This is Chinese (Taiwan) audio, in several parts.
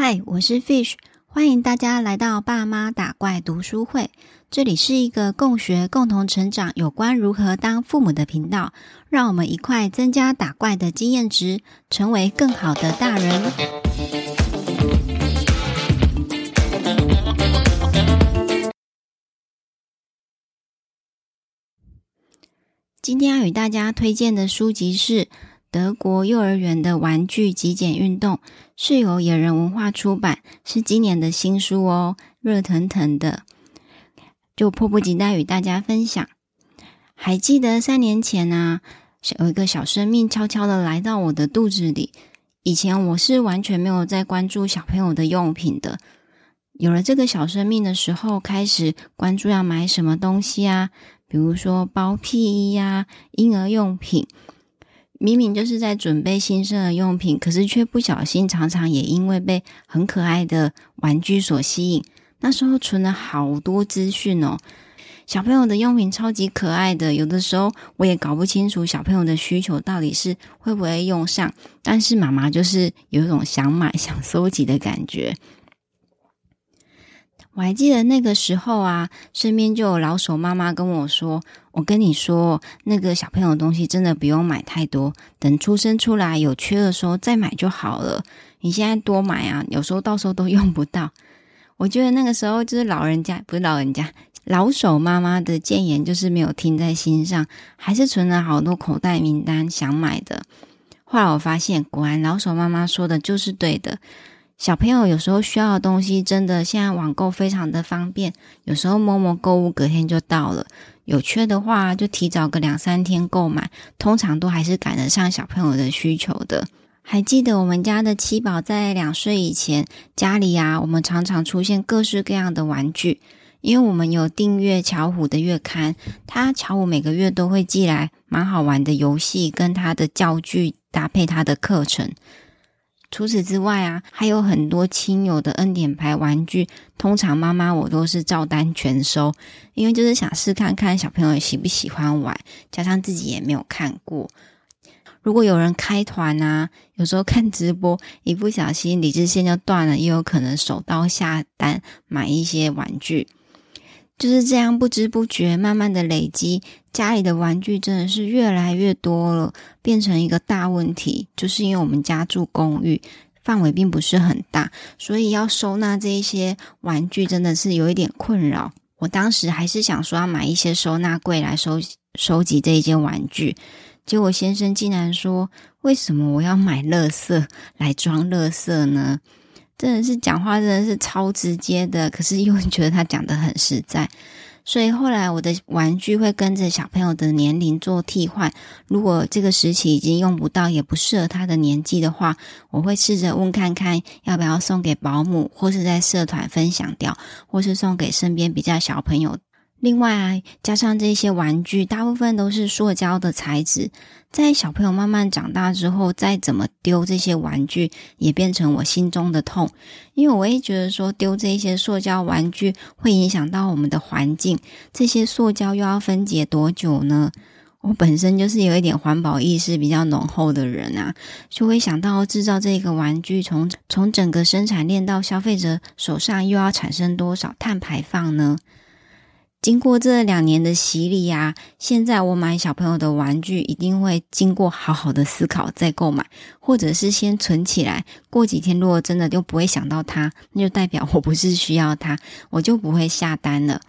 嗨，Hi, 我是 Fish，歡迎大家來到爸媽打怪讀書會。這裡是一個共學、共同成長有關如何當父母的頻道，讓我們一塊增加打怪的經驗值，成為更好的大人。 今天要與大家推薦的書籍是。德國幼兒園的玩具極簡運動是由野人文化出版，是今年的新書哦，熱騰騰的，就迫不及待與大家分享。還記得三年前啊，有一個小生命悄悄的來到我的肚子裡。以前我是完全沒有在關注小朋友的用品的，有了這個小生命的時候，開始關注要買什麼東西啊，比如說包屁衣呀、啊、嬰兒用品。明明就是在準備新生的用品，可是卻不小心，常常也因為被很可愛的玩具所吸引。那時候存了好多資訊哦，小朋友的用品超級可愛的，有的時候我也搞不清楚小朋友的需求到底是會不會用上，但是媽媽就是有一種想買、想收集的感覺。我還記得那個時候啊，身邊就有老手媽媽跟我說：“我跟你說，那個小朋友東西真的不用買太多，等出生出來有缺的時候再買就好了。你現在多買啊，有時候到時候都用不到。”我覺得那個時候就是老人家，不是老人家，老手媽媽的建言，就是沒有聽在心上，還是存了好多口袋名單想買的。後來我發現，果然老手媽媽說的就是對的。小朋友有時候需要的東西，真的現在網購非常的方便。有時候摸摸購物，隔天就到了。有缺的話，就提早個兩三天購買，通常都還是趕得上小朋友的需求的。還記得我們家的七寶在兩歲以前，家裡啊，我們常常出現各式各樣的玩具，因為我們有訂閱巧虎的月刊，他巧虎每個月都會寄來蠻好玩的遊戲，跟他的教具搭配他的課程。除此之外啊，還有很多親友的恩典牌玩具，通常媽媽我都是照單全收，因為就是想試看看小朋友喜不喜歡玩，加上自己也沒有看過。如果有人開團啊，有時候看直播，一不小心理智線就斷了，也有可能手刀下單買一些玩具。就是這樣，不知不覺，慢慢的累積，家裡的玩具真的是越來越多了，變成一個大問題。就是因為我們家住公寓，範圍並不是很大，所以要收納這一些玩具真的是有一點困擾。我當時還是想說要買一些收納櫃來收收集這一些玩具，結果先生竟然說：“為什麼我要買垃圾來裝垃圾呢？”真的是講話真的是超直接的，可是又覺得他講得很實在，所以後來我的玩具會跟着小朋友的年齡做替換。如果這個時期已經用不到，也不適合他的年紀的話，我會試着問看看，要不要送給保姆，或是在社團分享掉，或是送給身邊比較小朋友。另外啊，加上這些玩具，大部分都是塑膠的材質。在小朋友慢慢長大之後，再怎麼丟這些玩具，也變成我心中的痛。因為我也覺得說，丟這些塑膠玩具，會影響到我們的環境。這些塑膠又要分解多久呢？我本身就是有一點環保意識比較濃厚的人啊，就會想到製造這個玩具從，從從整個生產鏈到消費者手上，又要產生多少碳排放呢？經過這兩年的洗禮啊，現在我買小朋友的玩具，一定會經過好好的思考再購買，或者是先存起來。過幾天如果真的就不會想到它，那就代表我不是需要它，我就不會下單了。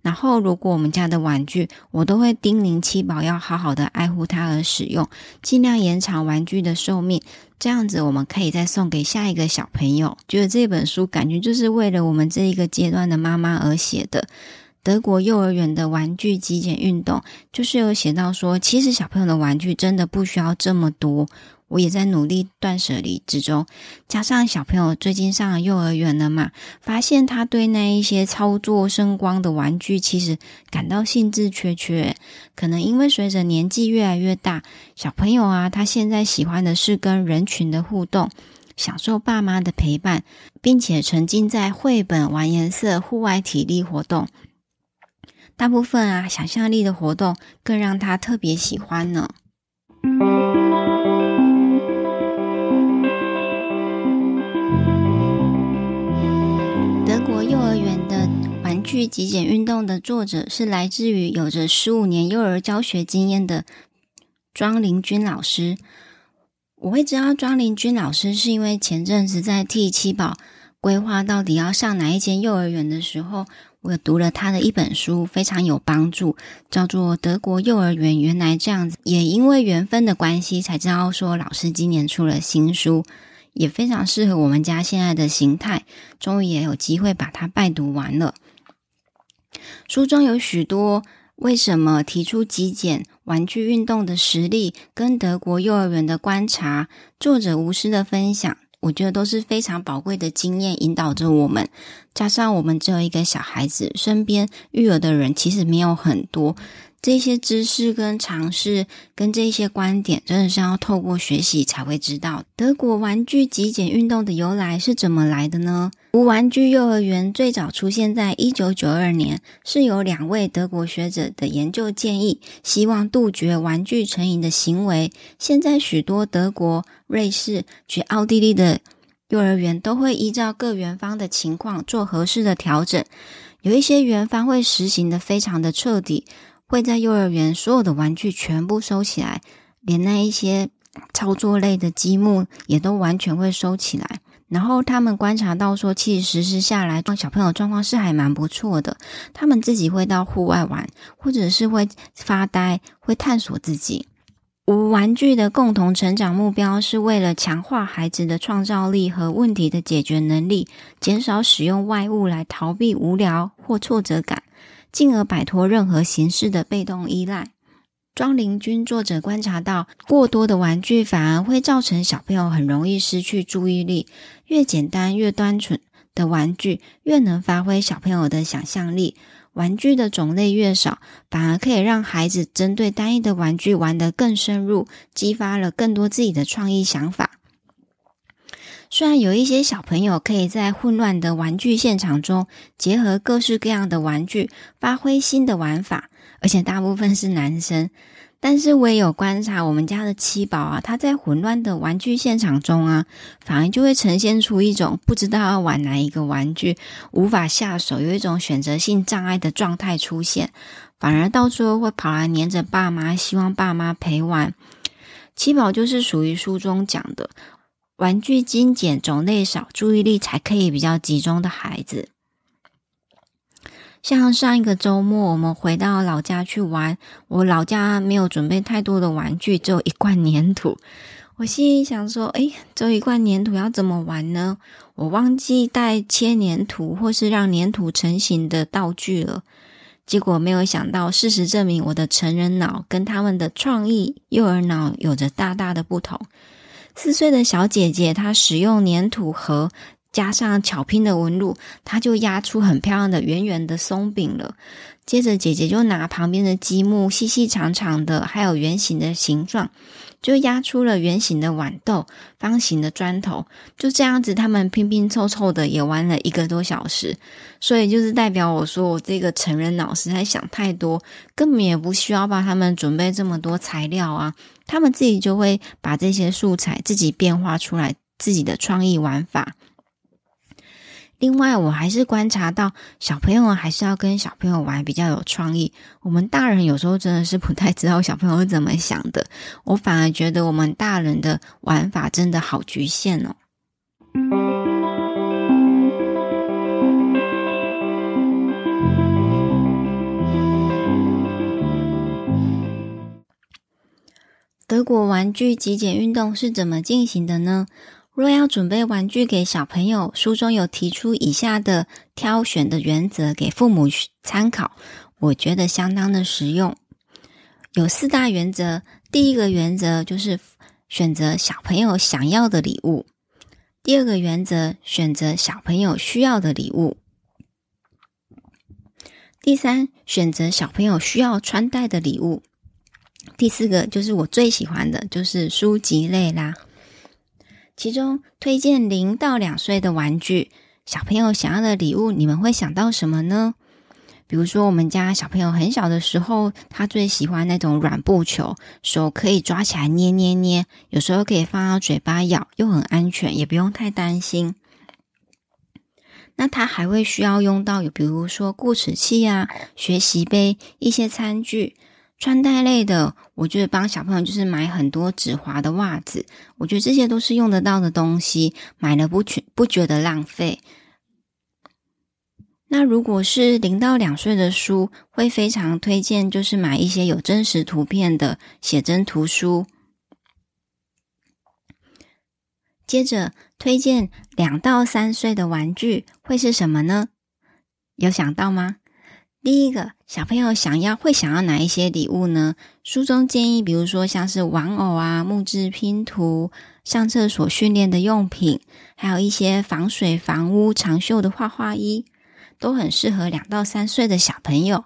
然後，如果我們家的玩具，我都會叮嚀七寶要好好的愛護它而使用，盡量延長玩具的壽命。這樣子我們可以再送給下一個小朋友。覺得這本書感覺就是為了我們這一個階段的媽媽而寫的。德國幼兒園的玩具極簡運動，就是有寫到說，其實小朋友的玩具真的不需要這麼多。我也在努力斷捨離之中，加上小朋友最近上了幼兒園了嘛，發現他對那一些操作聲光的玩具，其實感到興致缺缺。可能因為隨着年紀越來越大，小朋友啊，他現在喜歡的是跟人群的互動，享受爸媽的陪伴，並且沉浸在繪本、玩顏色、戶外體力活動。大部分啊，想象力的活動更讓他特別喜歡呢。德國幼兒園的玩具極簡運動的作者是來自於有着十五年幼兒教學經驗的莊琳君老師。我會知道莊琳君老師，是因為前陣子在替七寶規劃到底要上哪一間幼兒園的時候。我讀了他的一本書，非常有幫助，叫做《德國幼兒園原來這樣子》。也因為緣分的關係，才知道說老師今年出了新書，也非常適合我們家現在的形態。終於也有機會把它拜讀完了。書中有許多為什麼提出極簡玩具運動的實例，跟德國幼兒園的觀察，作者無私的分享。我覺得都是非常寶貴的經驗，引導着我們。加上我們只有一個小孩子，身邊育兒的人其實沒有很多，這些知識跟嘗試跟這些觀點，真的是要透過學習才會知道。德國玩具極簡運動的由來是怎麼來的呢？無玩具幼兒園最早出現在一九九二年，是由兩位德國學者的研究建議，希望杜絕玩具成癮的行為。現在，許多德國、瑞士及奧地利的幼兒園都會依照各園方的情況做合適的調整。有一些園方會實行的非常的徹底，會在幼兒園所有的玩具全部收起來，連那一些操作類的積木也都完全會收起來。然後他們觀察到說，其實實施下來，小朋友狀況是還蠻不錯的。他們自己會到戶外玩，或者是會發呆、會探索自己。無玩具的共同成長目標是為了強化孩子的創造力和問題的解決能力，減少使用外物來逃避無聊或挫折感，進而擺脫任何形式的被動依賴。莊琳君作者觀察到，過多的玩具反而會造成小朋友很容易失去注意力。越簡單、越單純的玩具，越能發揮小朋友的想象力。玩具的種類越少，反而可以讓孩子針對單一的玩具玩得更深入，激發了更多自己的創意想法。雖然有一些小朋友可以在混亂的玩具現場中，結合各式各樣的玩具，發揮新的玩法。而且大部分是男生，但是我也有觀察我們家的七寶啊，他在混亂的玩具現場中啊，反而就會呈現出一種不知道要玩哪一個玩具，無法下手，有一種選擇性障礙的狀態出現，反而到時候會跑來黏着爸媽，希望爸媽陪玩。七寶就是屬於書中講的玩具精簡、種類少、注意力才可以比較集中的孩子。像上一個周末，我們回到老家去玩。我老家沒有準備太多的玩具，只有一罐粘土。我心裡想說：“誒，只有一罐粘土要怎麼玩呢？”我忘記帶切粘土或是讓粘土成型的道具了。結果沒有想到，事實證明我的成人腦跟他們的創意幼兒腦有着大大的不同。四歲的小姐姐她使用粘土盒。加上巧拼的紋路，它就壓出很漂亮的圓圓的鬆餅了。接着，姐姐就拿旁邊的積木，細細長長的，還有圓形的形狀，就壓出了圓形的豌豆、方形的磚頭。就這樣子，他們拼拼湊湊的，也玩了一個多小時。所以，就是代表我說，我這個成人腦實在想太多，根本也不需要幫他們準備這麼多材料啊，他們自己就會把這些素材自己變化出來，自己的創意玩法。另外，我還是觀察到，小朋友還是要跟小朋友玩比較有創意。我們大人有時候真的是不太知道小朋友是怎麼想的。我反而覺得我們大人的玩法真的好局限哦。德國玩具極簡運動是怎麼進行的呢？若要準備玩具給小朋友，書中有提出以下的挑選的原則給父母參考，我覺得相當的實用。有四大原則，第一個原則就是選擇小朋友想要的禮物；第二個原則，選擇小朋友需要的禮物；第三，選擇小朋友需要穿戴的禮物；第四個就是我最喜歡的，就是書籍類啦。其中推薦零到兩歲的玩具，小朋友想要的禮物，你們會想到什麼呢？比如說，我們家小朋友很小的時候，他最喜歡那種軟布球，手可以抓起來捏捏捏，有時候可以放到嘴巴咬，又很安全，也不用太擔心。那他還會需要用到有，比如說固齒器啊、學習杯、一些餐具。穿戴類的，我覺得幫小朋友就是買很多止滑的襪子，我覺得這些都是用得到的東西，買了不覺不覺得浪費。那如果是零到兩歲的書，會非常推薦，就是買一些有真實圖片的寫真圖書。接着推薦兩到三歲的玩具會是什麼呢？有想到嗎？第一個小朋友想要會想要哪一些禮物呢？書中建議，比如說像是玩偶啊、木質拼圖、上廁所訓練的用品，還有一些防水防汙長袖的畫畫衣，都很適合兩到三歲的小朋友。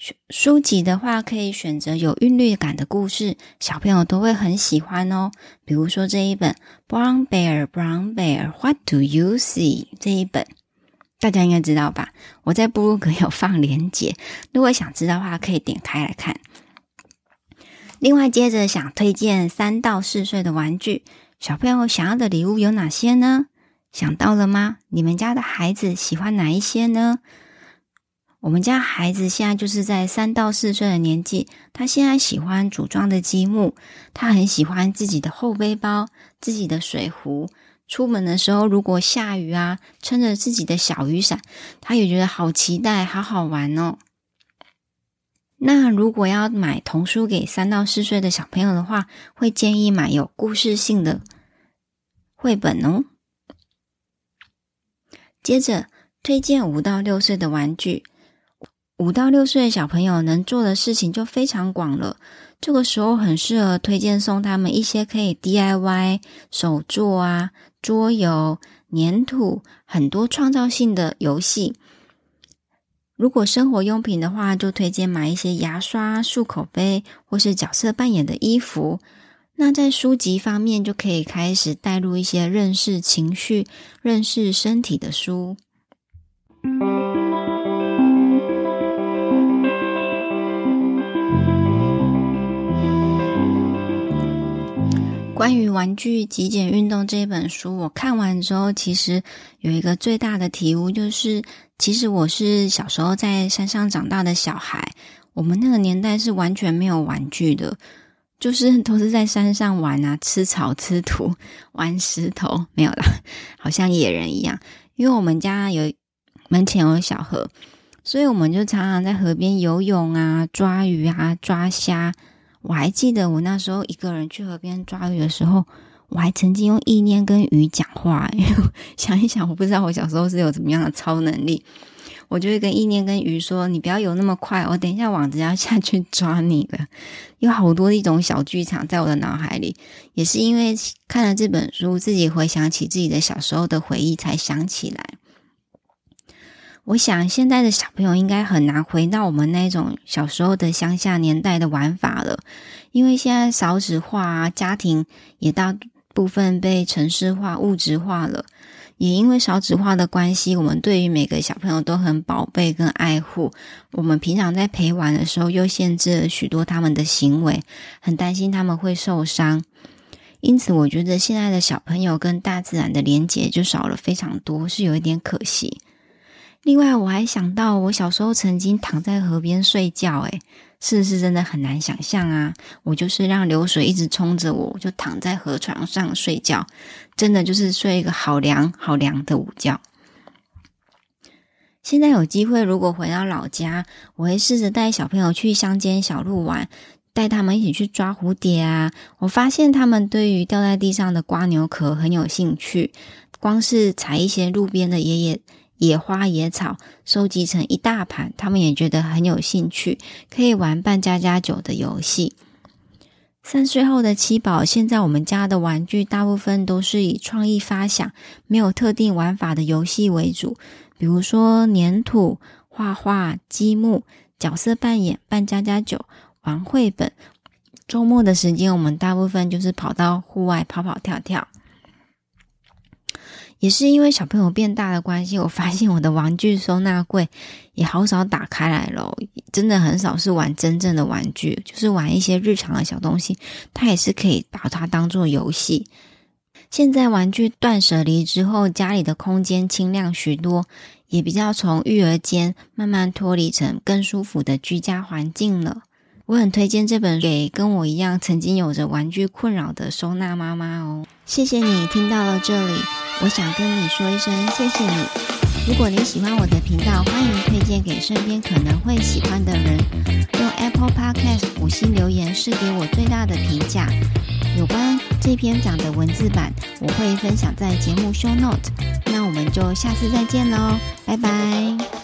書書籍的話，可以選擇有韻律感的故事，小朋友都會很喜歡哦。比如說這一本《Brown Bear, Brown Bear, What Do You See》這一本。大家應該知道吧？我在部落格有放鏈接，如果想知道的話，可以點開來看。另外，接着想推薦三到四歲的玩具，小朋友想要的禮物有哪些呢？想到了嗎？你們家的孩子喜歡哪一些呢？我們家孩子現在就是在三到四歲的年紀，他現在喜歡組裝的積木，他很喜歡自己的後背包、自己的水壺。出門的時候，如果下雨啊，撐着自己的小雨傘，他也覺得好期待，好好玩哦。那如果要買童書給三到四歲的小朋友的話，會建議買有故事性的繪本哦。接着推薦五到六歲的玩具，五到六歲的小朋友能做的事情就非常廣了，這個時候很適合推薦送他們一些可以 DIY 手作啊。桌遊、粘土，很多創造性的遊戲。如果生活用品的話，就推薦買一些牙刷、漱口杯，或是角色扮演的衣服。那在書籍方面，就可以開始帶入一些認識情緒、認識身體的書。關於玩具極簡運動這一本書，我看完之後，其實有一個最大的體悟，就是其實我是小時候在山上長大的小孩。我們那個年代是完全沒有玩具的，就是都是在山上玩啊，吃草吃土，玩石頭，沒有啦，好像野人一樣。因為我們家有，門前有小河，所以我們就常常在河邊游泳啊，抓魚啊，抓蝦。我還記得我那時候一個人去河邊抓魚的時候，我還曾經用意念跟魚講話。因為想一想，我不知道我小時候是有怎麼樣的超能力，我就會跟意念跟魚說：“你不要游那麼快，我等一下網子要下去抓你了。”有好多一種小劇場在我的腦海裡，也是因為看了這本書，自己回想起自己的小時候的回憶才想起來。我想，現在的小朋友應該很難回到我們那種小時候的鄉下年代的玩法了，因為現在少子化啊，家庭也大部分被城市化、物質化了。也因為少子化的關係，我們對於每個小朋友都很寶貝跟愛護。我們平常在陪玩的時候，又限制了許多他們的行為，很擔心他們會受傷。因此，我覺得現在的小朋友跟大自然的連結就少了非常多，是有一點可惜。另外，我還想到，我小時候曾經躺在河邊睡覺誒，誒是不是真的很難想象啊？我就是讓流水一直衝着我，就躺在河床上睡覺，真的就是睡一個好涼好涼的午覺。現在有機會，如果回到老家，我會試着帶小朋友去鄉間小路玩，帶他們一起去抓蝴蝶啊。我發現他們對於掉在地上的蝸牛殼很有興趣，光是採一些路邊的爺爺。野花野草收集成一大盤，他們也覺得很有興趣，可以玩扮家家酒的遊戲。三歲後的七寶，現在我們家的玩具大部分都是以創意發想、沒有特定玩法的遊戲為主，比如說粘土、畫畫、積木、角色扮演、扮家家酒、9, 玩繪本。周末的時間，我們大部分就是跑到戶外跑跑跳跳。也是因為小朋友變大的關係，我發現我的玩具收納櫃也好少打開來咯，真的很少是玩真正的玩具，就是玩一些日常的小東西，它也是可以把它當做遊戲。現在玩具斷舍離之後，家裡的空間清亮許多，也比較從育兒間慢慢脫離成更舒服的居家環境了。我很推薦這本給跟我一樣曾經有着玩具困擾的收納媽媽哦。謝謝你聽到了這裡。我想跟你說一聲謝謝你。如果你喜歡我的頻道，歡迎推薦給身邊可能會喜歡的人。用 Apple Podcast 五星留言是給我最大的評價。有關這篇講的文字版，我會分享在節目 Show Note。那我們就下次再見嘍，拜拜。